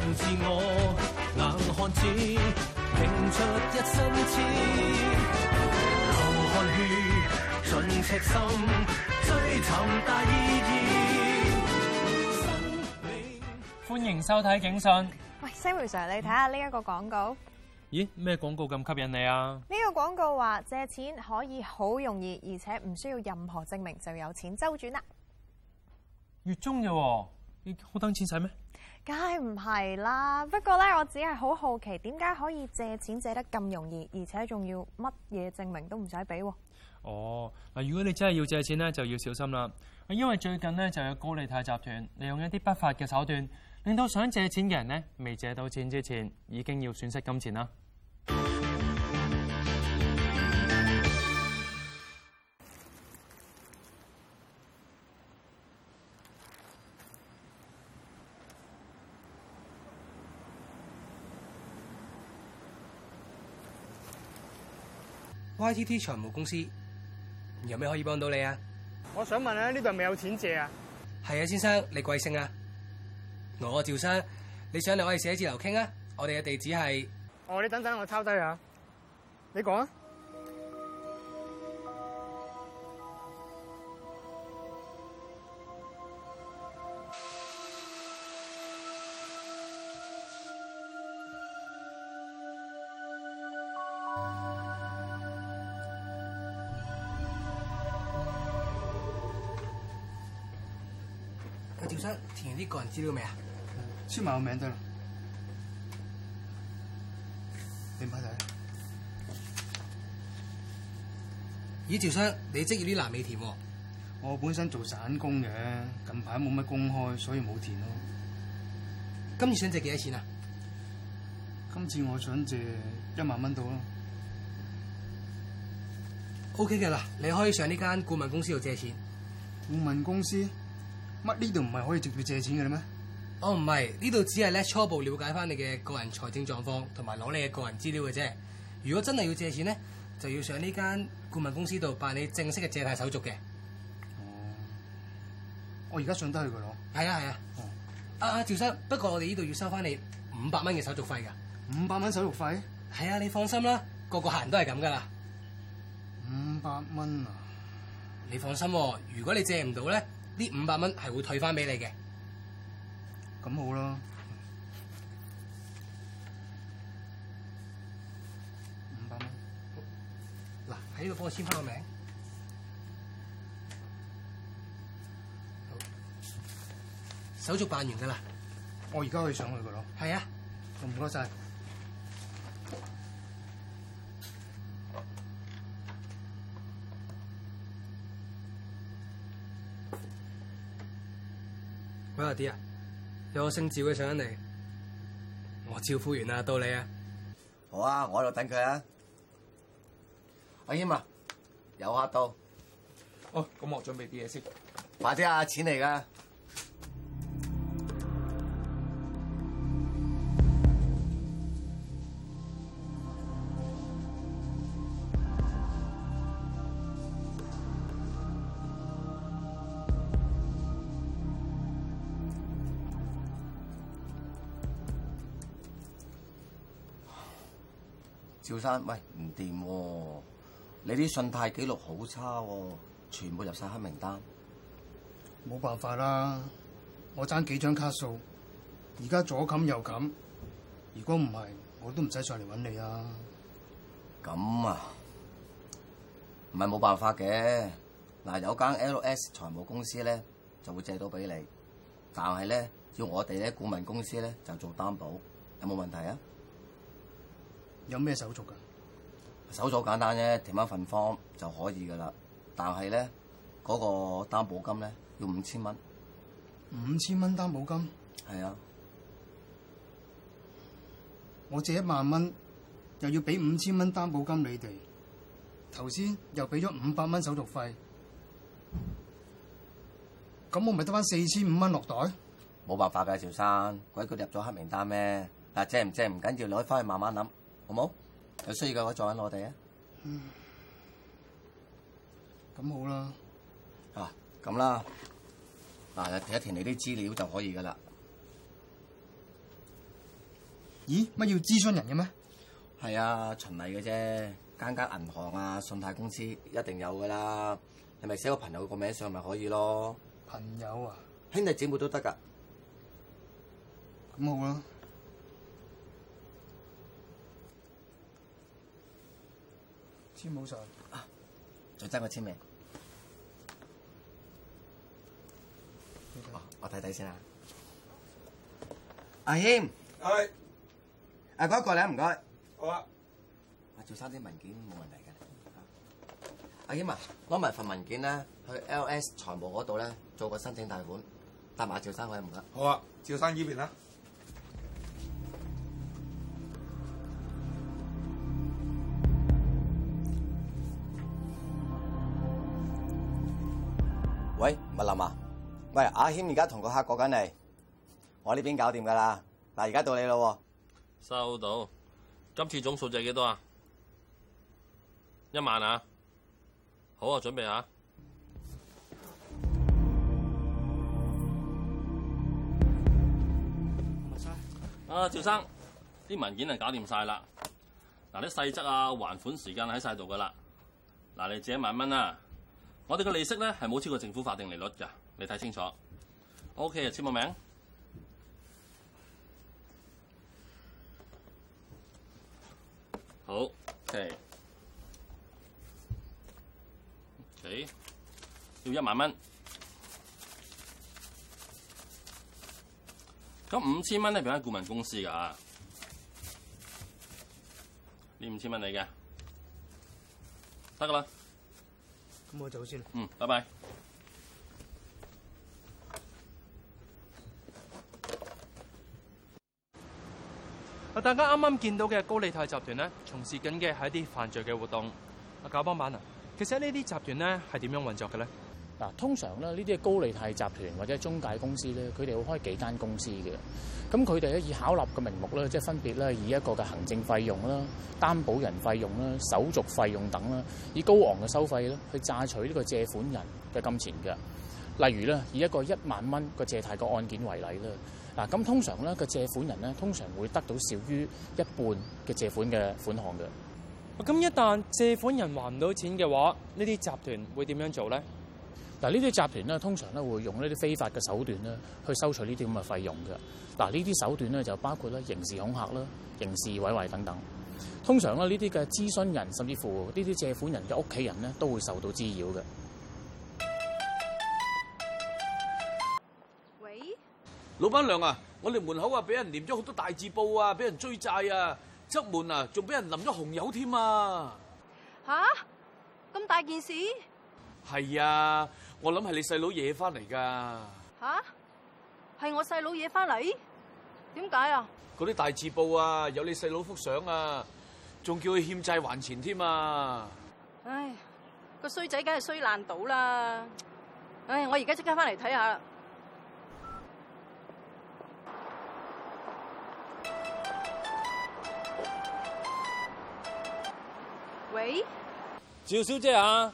歡迎收睇警訊。喂，西梅 Sir，你睇下呢一個廣告。咦，咩廣告咁吸引你啊？呢、這個廣告話借錢可以好容易，而且唔需要任何證明就有錢周轉啦。月中嘅、哦，你好等錢使咩？梗係唔係啦，不過咧，我只係好好奇，點解可以借錢借得咁容易，而且仲要乜嘢證明都唔使俾？哦，嗱，如果你真係要借錢咧，就要小心啦，因為最近咧就有高利貸集團利用一啲不法嘅手段，令到想借錢嘅人咧，未借到錢之前，已經要損失金錢啦。Y&T 財務公司有咩可以幫到你啊？我想問咧，呢度未有錢借啊？係啊，先生，你貴姓啊？我趙生，你上嚟我哋寫字樓傾啊？我哋嘅地址係……哦，你等等，我抄低啊，你講啊！填啲個人資料未啊？簽埋我名得啦。點批底？咦，趙生，你，看你職業啲欄未填喎，啊？我本身做散工嘅，近排冇乜工開，所以冇填咯、啊。今次想借幾多錢啊？今次我想借一萬蚊到啦。O K 嘅啦，你可以上呢間顧問公司度借錢。顧問公司？乜呢度唔係可以直接借錢嘅啦咩？哦唔係，不是這裡是呢度只係咧初步了解翻你嘅個人財政狀況同埋攞你嘅個人資料嘅啫。如果真係要借錢咧，就要上呢間顧問公司度辦理正式嘅借貸手續嘅。哦，我而家上得去嘅咯。係啊係啊、哦。啊，阿阿趙生，不過我哋呢度要收翻你五百蚊嘅手續費噶。五百蚊手續費？係啊，你放心啦，個個客人都係咁噶啦。五百蚊啊！你放心、啊，如果你借唔到咧。呢五百蚊係會退翻俾你嘅，咁好咯。五百蚊，嗱喺度幫我簽翻個名，好，手續辦完㗎啦，我而家可以上去噶咯？係啊，唔該晒。啲啊！有個姓趙嘅上緊嚟，我招呼完啦，到你啊！好啊，我喺度等佢啊，啊！阿謙啊，有客到。哦，咁我準備啲嘢先。快啲啊，錢嚟噶！喂，唔掂喎！你啲信貸記錄好差喎，啊，全部入晒黑名單。冇辦法啦，我爭幾張卡數，而家左咁右咁。如果唔係，我都唔使上嚟揾你啊。咁啊，唔係冇辦法嘅。嗱，有間 LS 財務公司咧就會借到俾你，但係咧要我哋咧顧問公司咧就做擔保，有冇問題啊？有咩手續噶？手續簡單啫，填翻份 form 就可以噶啦。但係咧，嗰個擔保金咧要五千蚊，五千蚊擔保金係啊！我借一萬蚊，又要俾五千蚊擔保金你哋。頭先又俾咗五百蚊手續費，咁我咪得翻四千五蚊落袋？冇辦法嘅，小生鬼叫入咗黑名單咩？嗱，借唔借唔緊要，攞翻去慢慢諗。好冇？有需要嘅話，再揾我哋啊。嗯，咁好啦。啊，咁啦，嗱、啊，填一填你啲資料就可以噶啦。咦？乜要諮詢人嘅咩？係啊，循例嘅啫。間間銀行啊，信貸公司一定有噶啦。你咪寫個朋友個名上咪可以咯。朋友啊，兄弟姐妹都得噶。咁好啦。簽冇上再爭個簽名。哦、啊，我睇睇先啦、啊啊。阿謙，係，阿哥過嚟，唔該。好啊，啊。阿趙生啲文件冇問題嘅。阿謙啊，攞、啊、埋、啊、份文件咧，去 L S 財務嗰度咧，做個申請貸款，帶埋阿趙生位。唔該。好啊，趙生呢邊啦。阿林啊，喂，阿謙而家同個客過緊嚟，我呢邊搞掂噶啦，嗱，而家到你咯、啊，收到，今次總數就係幾多啊？一萬啊，好啊，準備啊！唔該。啊，趙生，啲、嗯、文件係搞掂晒啦，嗱，啲細則啊，還款時間喺晒度噶啦，嗱，你借一萬蚊啊。我哋嘅利息咧係冇超過政府法定利率噶，你睇清楚。O.K. 啊，簽個名。好，okay，O.K.，要一萬蚊。咁五千蚊咧，俾翻顧問公司噶。你五千蚊嚟嘅，得噶啦。咁我走先，啦。嗯，拜拜。啊，大家啱啱見到嘅高利貸集團咧，從事緊嘅係一啲犯罪嘅活動。阿賈邦班啊，其實這些呢啲集團咧係點樣運作嘅咧？嗱，通常咧，呢啲高利貸集團或者中介公司咧，佢哋會開幾間公司嘅。咁佢哋咧以巧立嘅名目咧，即係分別咧以一個嘅行政費用啦、擔保人費用啦、手續費用等啦，以高昂嘅收費咧去榨取呢個借款人嘅金錢嘅。例如咧，以一個一萬蚊個借貸個案件為例啦。嗱，咁通常咧個借款人咧通常會得到少於一半嘅借款嘅款項嘅。咁一旦借款人還唔到錢嘅話，呢啲集團會點樣做咧？嗱，呢啲集團咧，通常咧會用呢啲非法嘅手段咧，去收取呢啲咁嘅費用嘅。嗱，呢啲手段咧就包括咧刑事恐嚇啦、刑事毀壞等等。通常咧，呢啲嘅諮詢人甚至乎呢啲借款人嘅屋企人咧，都會受到滋擾嘅。喂，老闆娘啊，我哋門口啊俾人粘咗好多大字報啊，俾人追債側人啊，啊，側門啊，仲俾人淋咗紅油添啊！吓，咁大件事？係啊！我諗係你細佬惹翻嚟噶。吓？係我細佬惹翻嚟？點解啊？嗰啲大字報啊，有你細佬幅相啊，仲叫佢欠債還錢添啊！唉，個衰仔梗係衰爛到啦！唉，我而家即刻翻嚟睇下啦！喂，趙小姐啊！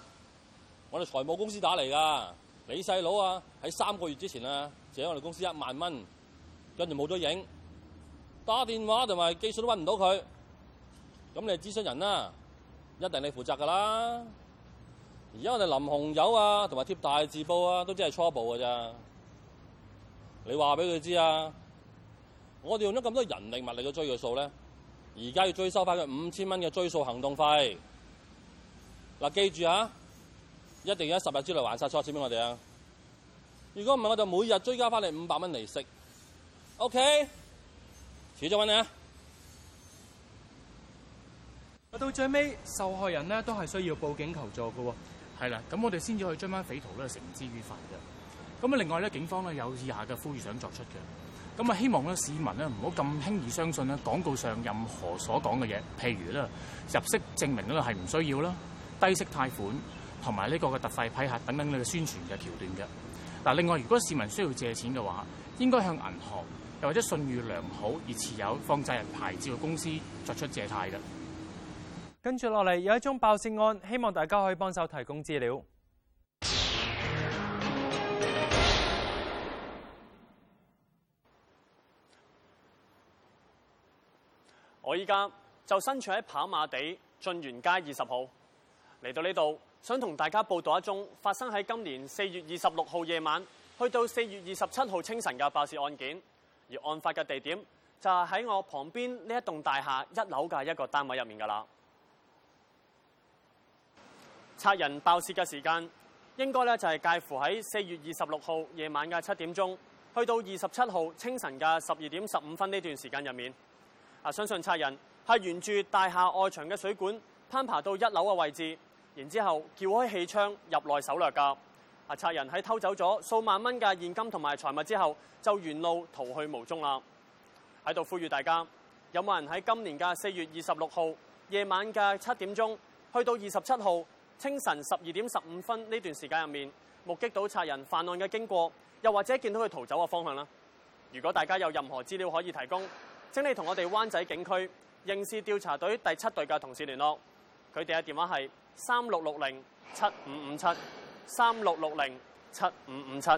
我哋財務公司打嚟噶，你細佬啊喺三個月之前啊借我哋公司一萬蚊，跟住冇咗影，打電話同埋寄信都搵唔到佢，咁你係諮詢人啦，啊，一定你負責噶啦。而家我哋淋紅油啊，同埋貼大字報啊，都只係初步噶咋。你話俾佢知啊，我哋用咗咁多人力物力去追佢數咧，而家要追收翻佢五千蚊嘅追數行動費。嗱，啊，記住啊！一定要喺十日之內還晒錯錢俾我哋啊！如果唔係，我就每日追加翻你五百蚊利息。OK，始終揾你啊！到最尾，受害人呢都係需要報警求助嘅、哦，係啦。咁我哋先至去追翻匪徒咧，繩之於法嘅。咁啊，另外咧，警方咧有以下嘅呼籲想作出嘅，咁啊，希望咧市民咧唔好咁輕易相信咧廣告上任何所講嘅嘢，譬如咧入息證明咧係唔需要啦，低息貸款。同埋呢個嘅特惠批核等等嘅宣傳嘅橋段嘅嗱。另外，如果市民需要借錢嘅話，應該向銀行又或者信譽良好而持有放債人牌照嘅公司作出借貸嘅。跟住落嚟有一宗爆竊案，希望大家可以幫手提供資料。我依家就身處喺跑馬地晉源街二十號，嚟到呢度。想同大家報道一宗發生喺今年四月二十六號夜晚去到四月二十七號清晨嘅爆竊案件，而案發嘅地點就係喺我旁邊呢一棟大廈一樓嘅一個單位入面噶啦。賊人爆竊嘅時間應該咧就係介乎喺四月二十六號夜晚嘅七點鐘，去到二十七號清晨嘅十二點十五分呢段時間入面。啊，相信賊人係沿住大廈外牆嘅水管攀爬到一樓嘅位置。然之後撬開氣窗入內搜掠，噶啊！賊人喺偷走咗數萬蚊嘅現金同埋財物之後，就沿路逃去無蹤啦。喺度呼籲大家有冇人喺今年嘅四月二十六號夜晚嘅七點鐘，去到二十七號清晨十二點十五分呢段時間入面，目擊到賊人犯案嘅經過，又或者見到佢逃走嘅方向呢？如果大家有任何資料可以提供，請你同我哋灣仔警區刑事調查隊第七隊嘅同事聯絡，佢哋嘅電話係。三六六零七五五七，三六六零七五五七。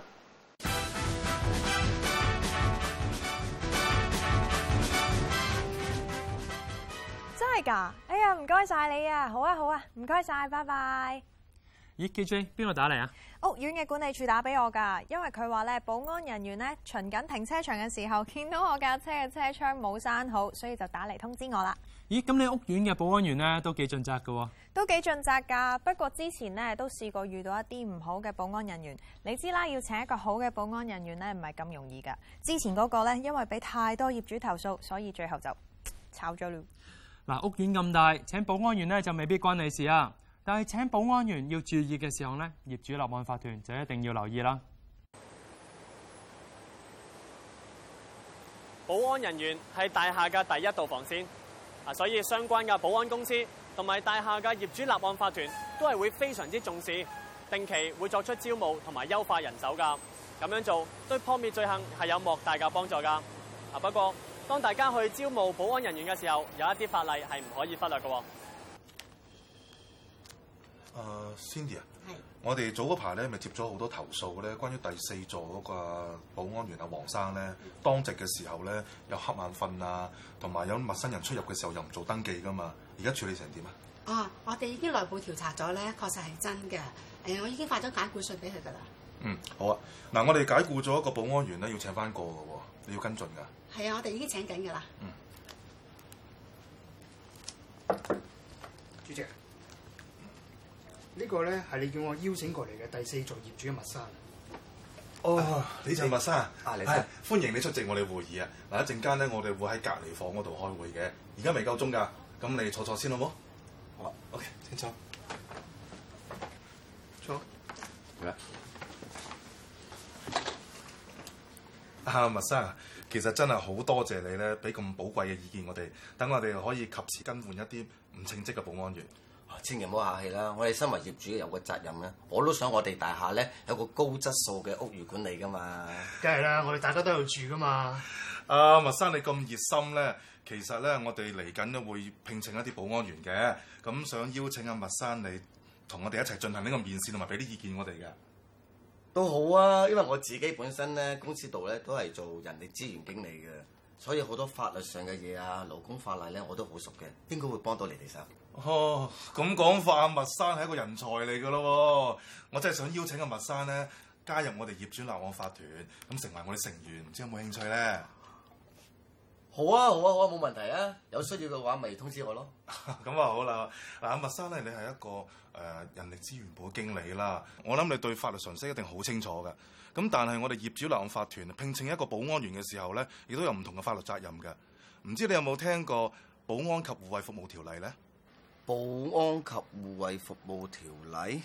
真係噶？哎呀，唔該晒你啊！好啊，好啊，唔該晒，拜拜。咦，K J，邊個打嚟啊？屋苑嘅管理處打俾我噶，因為佢話咧，保安人員咧巡緊停車場嘅時候，見到我架車嘅車窗冇閂好，所以就打嚟通知我啦。咦，咁你屋苑嘅保安員咧都幾盡責噶？都幾盡責噶，不過之前咧都試過遇到一啲唔好嘅保安人員。你知啦，要請一個好嘅保安人員咧唔係咁容易噶。之前嗰個咧，因為俾太多業主投訴，所以最後就炒咗了。嗱，屋苑咁大，請保安員咧就未必關你事啊。但係請保安員要注意嘅時候咧，業主立案法團就一定要留意啦。保安人員係大廈嘅第一道防線。所以相關嘅保安公司同埋大廈嘅業主立案法團都係會非常之重視，定期會作出招募同埋優化人手噶。咁樣做對撲滅罪行係有莫大嘅幫助噶。啊，不過當大家去招募保安人員嘅時候，有一啲法例係唔可以忽略嘅喎。啊、uh, Cindy、mm-hmm. 我哋早嗰排咧，咪接咗好多投訴咧，關於第四座嗰個保安員阿黃生咧，當值嘅時候咧，又瞌眼瞓啊，同埋有陌生人出入嘅時候又唔做登記噶嘛。而家處理成點啊？哦，我哋已經內部調查咗咧，確實係真嘅。誒，我已經發咗解僱信俾佢噶啦。嗯，好啊。嗱，我哋解僱咗一個保安員咧，要請翻過喎，你要跟進㗎。係啊，我哋已經請緊㗎啦。嗯。主席。呢、這個咧係你叫我邀請過嚟嘅第四座業主嘅麥生。哦，你就麥生？係、啊、歡迎你出席我哋會議啊！嗱，一陣間咧，我哋會喺隔離房嗰度開會嘅。而家未夠鐘㗎，咁你坐坐先好唔好？好，OK，請坐。坐。嚟、啊、啦！麥生，其實真係好多謝你咧，俾咁寶貴嘅意見，我哋等我哋可以及時更換一啲唔稱職嘅保安員。千祈唔好客氣啦！我哋身為業主有個責任啦，我都想我哋大廈咧有個高質素嘅屋宇管理噶嘛。梗係啦，我哋大家都係住噶嘛。啊，麥生你咁熱心咧，其實咧我哋嚟緊都會聘請一啲保安員嘅，咁想邀請阿麥生你同我哋一齊進行呢個面試同埋俾啲意見我哋嘅。都好啊，因為我自己本身咧公司度咧都係做人力資源經理嘅。所以好多法律上嘅嘢啊，勞工法例咧，我都好熟嘅，應該會幫到你哋手。哦，咁講法，阿默笙係一個人才嚟㗎咯喎！我真係想邀請阿默笙咧加入我哋業主立案法團，咁成為我哋成員，唔知有冇興趣咧？好啊好啊好啊，冇、啊啊、問題啊！有需要嘅話，咪通知我咯。咁啊就好啦，嗱，阿麥生咧，你係一個誒、呃、人力資源部經理啦，我諗你對法律常識一定好清楚嘅。咁但係我哋業主立案法團聘請一個保安員嘅時候咧，亦都有唔同嘅法律責任嘅。唔知你有冇聽過《保安及護衞服務條例》咧？保安及護衞服務條例，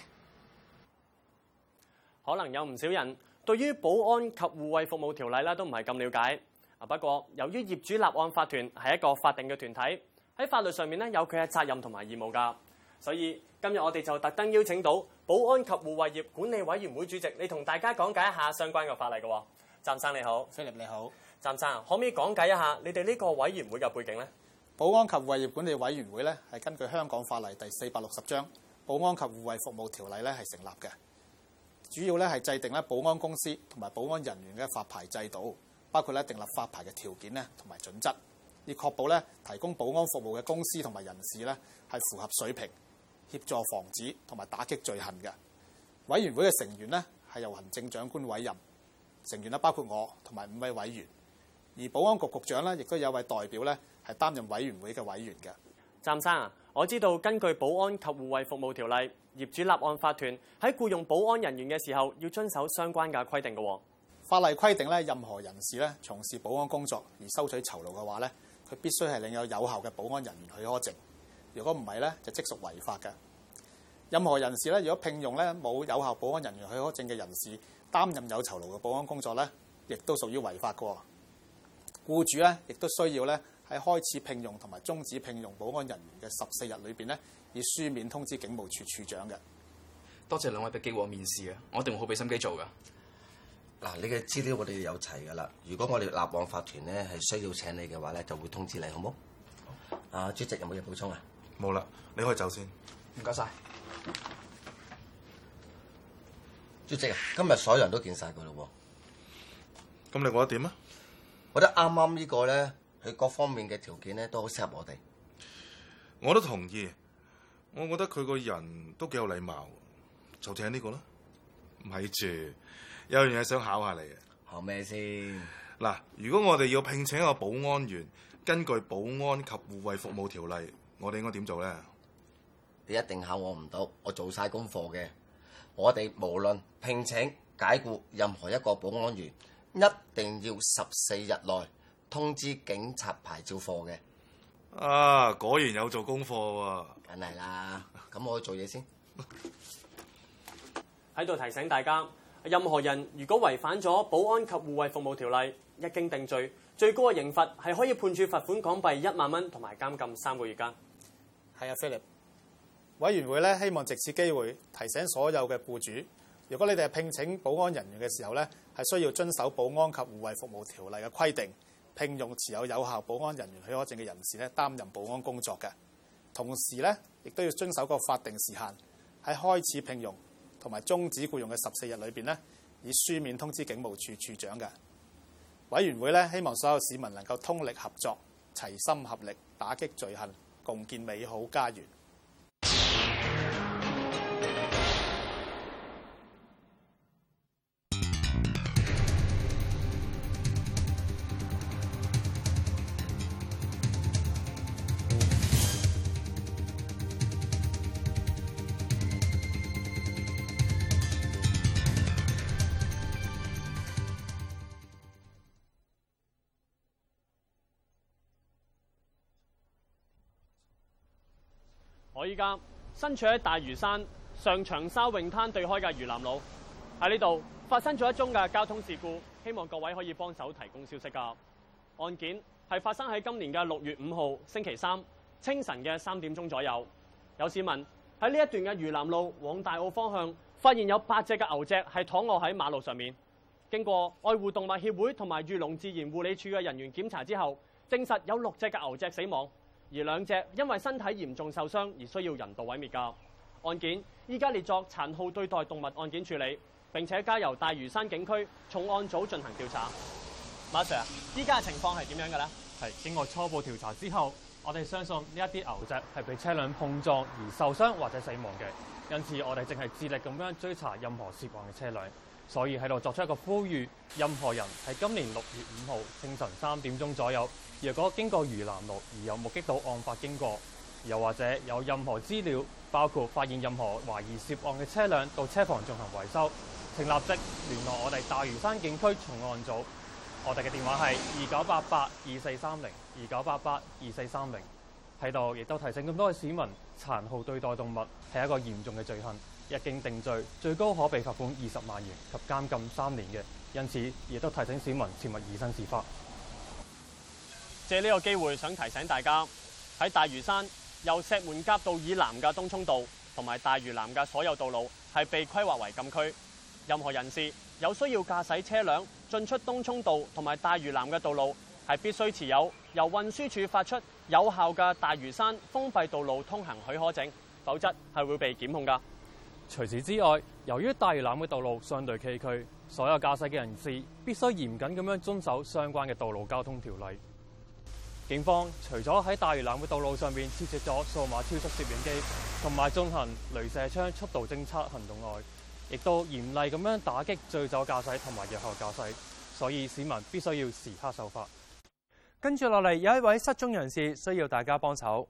可能有唔少人對於保安及護衞服務條例咧都唔係咁了解。不過，由於業主立案法團係一個法定嘅團體，喺法律上面呢有佢嘅責任同埋義務㗎，所以今日我哋就特登邀請到保安及護衞業管理委員會主席，你同大家講解一下相關嘅法例嘅。湛生你好，菲力你好，湛生，可唔可以講解一下你哋呢個委員會嘅背景呢？保安及護衞業管理委員會呢係根據香港法例第四百六十章《保安及護衞服務條例》咧係成立嘅，主要咧係制定咧保安公司同埋保安人員嘅發牌制度。包括咧訂立法牌嘅條件咧，同埋準則，以確保咧提供保安服務嘅公司同埋人士咧係符合水平，協助防止同埋打擊罪行嘅。委員會嘅成員咧係由行政長官委任，成員咧包括我同埋五位委員，而保安局局長咧亦都有位代表咧係擔任委員會嘅委員嘅。詹生啊，我知道根據《保安及護衛服務條例》，業主立案法團喺僱用保安人員嘅時候要遵守相關嘅規定嘅喎。法例規定咧，任何人士咧從事保安工作而收取酬勞嘅話咧，佢必須係領有有效嘅保安人員許可證。如果唔係咧，就即屬違法嘅。任何人士咧，如果聘用咧冇有，有效保安人員許可證嘅人士擔任有酬勞嘅保安工作咧，亦都屬於違法嘅。僱主咧亦都需要咧喺開始聘用同埋終止聘用保安人員嘅十四日裏邊咧，以書面通知警務處處長嘅。多謝兩位俾機會我面試啊！我一定會好俾心機做嘅。嗱，你嘅資料我哋有齊噶啦。如果我哋立案法團咧係需要請你嘅話咧，就會通知你，好唔好？阿主席有冇嘢補充啊？冇啦，你可以先走先。唔該晒，主席啊，今日所有人都見晒佢咯喎。咁你覺得點啊？我覺得啱啱呢個咧，佢各方面嘅條件咧都好適合我哋。我都同意。我覺得佢個人都幾有禮貌，就請呢個啦。唔係住。有樣嘢想考下你嘅，考咩先？嗱，如果我哋要聘請一個保安員，根據《保安及護衞服務條例》，我哋應該點做呢？你一定考我唔到，我做晒功課嘅。我哋無論聘請、解雇任何一個保安員，一定要十四日內通知警察牌照課嘅。啊，果然有做功課喎，啊，梗係啦。咁我去做嘢先，喺 度提醒大家。任何人如果違反咗保安及護衞服務條例，一經定罪，最高嘅刑罰係可以判處罰款港幣一萬蚊同埋監禁三個月間。係啊，Philip，委員會咧希望藉此機會提醒所有嘅僱主，如果你哋係聘請保安人員嘅時候咧，係需要遵守保安及護衞服務條例嘅規定，聘用持有有效保安人員許可證嘅人士咧擔任保安工作嘅，同時咧亦都要遵守個法定時限喺開始聘用。同埋終止雇用嘅十四日裏邊呢，以書面通知警務處處長嘅。委員會呢，希望所有市民能夠通力合作，齊心合力打擊罪行，共建美好家園。我依家身處喺大嶼山，上長沙泳灘對開嘅嶼南路，喺呢度發生咗一宗嘅交通事故，希望各位可以幫手提供消息㗎。案件係發生喺今年嘅六月五號星期三，清晨嘅三點鐘左右。有市民喺呢一段嘅嶼南路往大澳方向，發現有八隻嘅牛隻係躺臥喺馬路上面。經過愛護動物協會同埋漁農自然護理署嘅人員檢查之後，證實有六隻嘅牛隻死亡。而兩隻因為身體嚴重受傷而需要人道毀滅噶案件，依家列作殘酷對待動物案件處理。並且交由大嶼山警區重案組進行調查。馬 Sir，依家嘅情況係點樣嘅呢？係經過初步調查之後，我哋相信呢一啲牛隻係被車輛碰撞而受傷或者死亡嘅，因此我哋淨係致力咁樣追查任何涉案嘅車輛。所以喺度作出一個呼籲，任何人喺今年六月五號清晨三點鐘左右，如果經過嶼南路而有目擊到案發經過，又或者有任何資料，包括發現任何懷疑涉案嘅車輛到車房進行維修，請立即聯絡我哋大嶼山警區重案組，我哋嘅電話係二九八八二四三零，二九八八二四三零。喺度亦都提醒咁多市民，殘酷對待動物係一個嚴重嘅罪行。一經定罪，最高可被罰款二十萬元及監禁三年嘅。因此，亦都提醒市民切勿以身試法。借呢個機會，想提醒大家喺大嶼山由石門甲道以南嘅東涌道同埋大嶼南嘅所有道路係被規劃為禁區。任何人士有需要駕駛車輛進出東涌道同埋大嶼南嘅道路，係必須持有由運輸署發出有效嘅大嶼山封閉道路通行許可證，否則係會被檢控噶。除此之外，由於大嶼南嘅道路相對崎嶇，所有駕駛嘅人士必須嚴謹咁樣遵守相關嘅道路交通條例。警方除咗喺大嶼南嘅道路上面設置咗數碼超速攝影機，同埋進行雷射槍速度偵測行動外，亦都嚴厲咁樣打擊醉酒駕駛同埋藥後駕駛，所以市民必須要時刻守法。跟住落嚟，有一位失蹤人士需要大家幫手。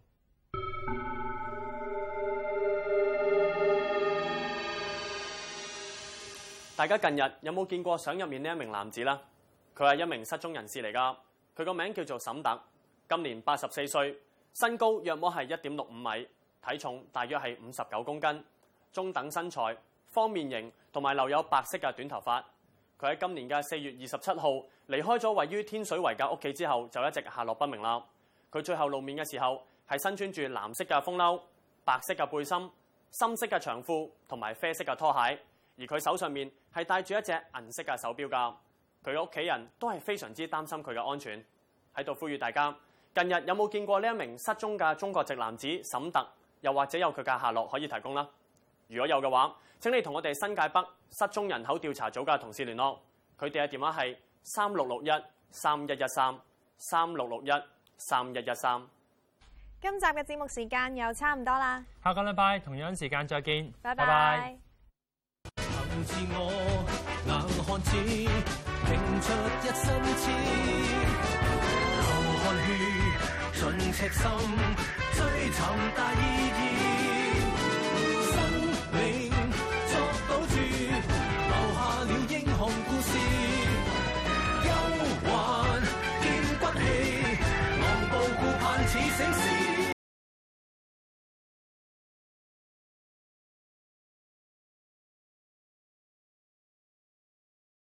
大家近日有冇見過相入面呢一名男子啦？佢係一名失蹤人士嚟噶，佢個名叫做沈達，今年八十四歲，身高約摸係一點六五米，體重大約係五十九公斤，中等身材，方面型，同埋留有白色嘅短頭髮。佢喺今年嘅四月二十七號離開咗位於天水圍嘅屋企之後，就一直下落不明啦。佢最後露面嘅時候，係身穿住藍色嘅風褸、白色嘅背心、深色嘅長褲同埋啡色嘅拖鞋。而佢手上面係戴住一隻銀色嘅手錶㗎。佢嘅屋企人都係非常之擔心佢嘅安全，喺度呼籲大家近日有冇見過呢一名失蹤嘅中國籍男子沈特？又或者有佢嘅下落可以提供啦？如果有嘅話，請你同我哋新界北失蹤人口調查組嘅同事聯絡，佢哋嘅電話係三六六一三一一三三六六一三一一三。今集嘅節目時間又差唔多啦。下個禮拜同樣時間再見。拜拜。Bye bye。自我硬漢子，拼出一身刺，流汗血，盡赤心，追尋大意義。